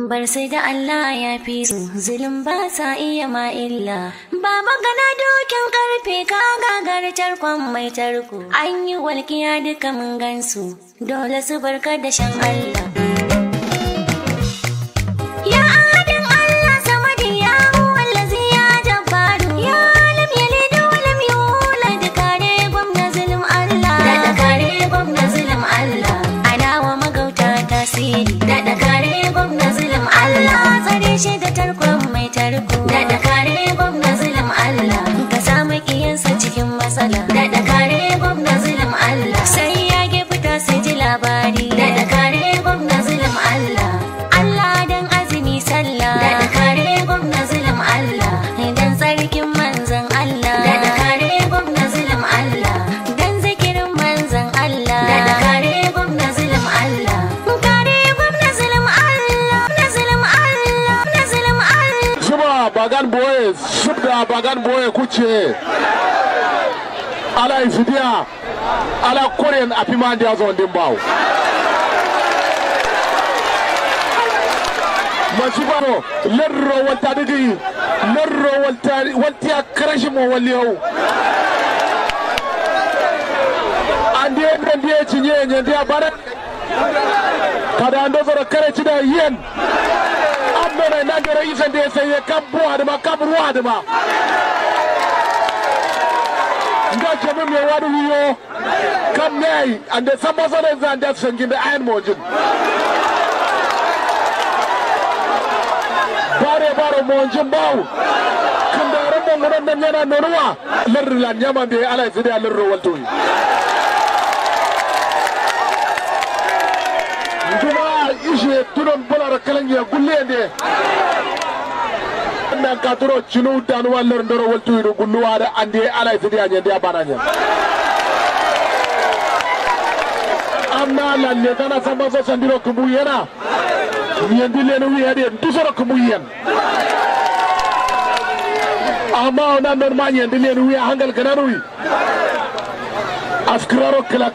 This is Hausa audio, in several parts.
bar sai da Allah ya fi su zulum ba sa iya ma illa ba magana dokin karfe ka gagartar kwan mai tarko an yi walƙiya duka mun gansu dole su barka da shan Allah The kwa bagan boye subda bagan boye kuce ala isidiya ala koren apiman dia zondin bawo masibaro lerro walta digi lerro walta walta karashi mo waliyau ande ndie chinye ndie bare kada ndo zoro kare chida yen ando na nangere da seye kabru adama da adama nga jemi mai wani wiyo kam nei ande sambosa da san senginde ayin mojin bare bare monjin bawu kandare mongonon nan yana nonuwa lan yaman da be ala zide lerro waltoyi kuma ishi tunon bolara kalangiya gulende. nan ka turo cinu dan wallar ndoro waltu idu gulluwa da ande ala fidi anya dia bananya amma lan ne kana samba so sandiro kumu ah. yana yendi lenu wi hade dusoro kumu yen amma ona non ma yendi lenu wi hangal kanarui askraro kala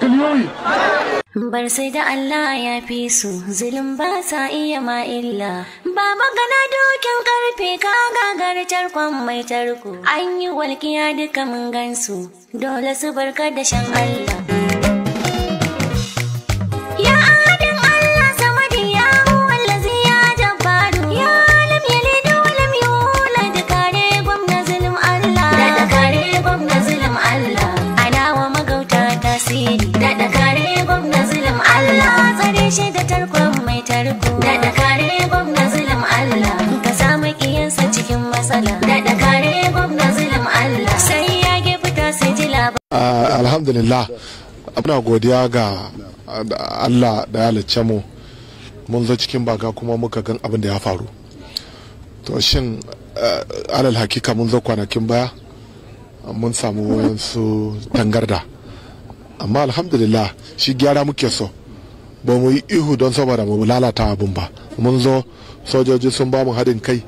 bar sai da Allah ya fi su zulum ba sa iya ma illa ba magana dokin karfe ka gagar tarkon mai tarko an yi walƙiya duka mun gansu dole su barka da shan Allah alhamdulillah muna godiya ga allah da ya halicce mu mun zo cikin baga kuma muka gan abin da ya faru to shin eh, alal hakika mun zo kwanakin baya mun samu wayansu tangarda amma alhamdulillah shi gyara muke so ba mu yi ihu don saboda mu lalata abin ba mun zo sojoji sun ba mu haɗin kai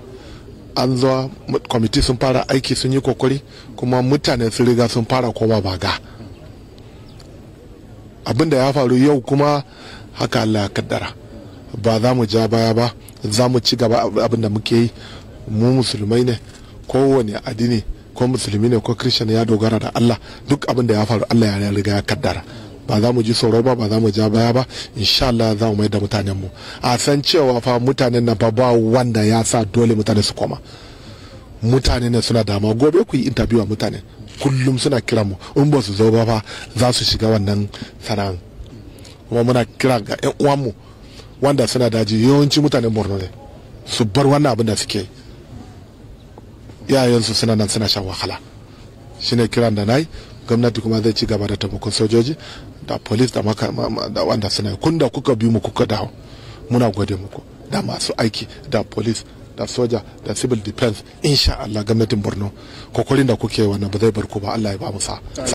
an zo kwamiti sun fara aiki sun yi kokari kuma mutane sun riga sun fara koma baga Abin da ya faru yau kuma haka Allah ya kaddara ba za mu ja baya ba za mu ci gaba abin da muke yi mu musulmai ne kowane addini ko musulmi ne ko christian ya dogara da Allah duk abin da ya faru Allah ya riga ya kaddara ba za mu ji tsoro ba ba za mu ja baya ba insha Allah za mu mai da mutanen mu a san cewa fa mutanen nan fa ba wanda ya sa dole mutane su koma mutane ne suna dama gobe ku yi interview a mutane kullum suna kira mu in ba su zo ba fa za su shiga wannan sana'an kuma muna kira ga yan uwanmu wanda suna daji yawanci mutanen borno ne su bar wannan abin da suke yayansu suna nan suna sha wahala shine kiran da nayi gwamnati kuma zai ci gaba da taimakon sojoji da police da, da wanda suna kunda kuka bi mu kuka dawo muna gode muku da masu aiki da police da soja da civil defense insha Allah gwamnatin Borno kokarin da kuke wannan ba zai bar ku ba Allah ya ba mu sa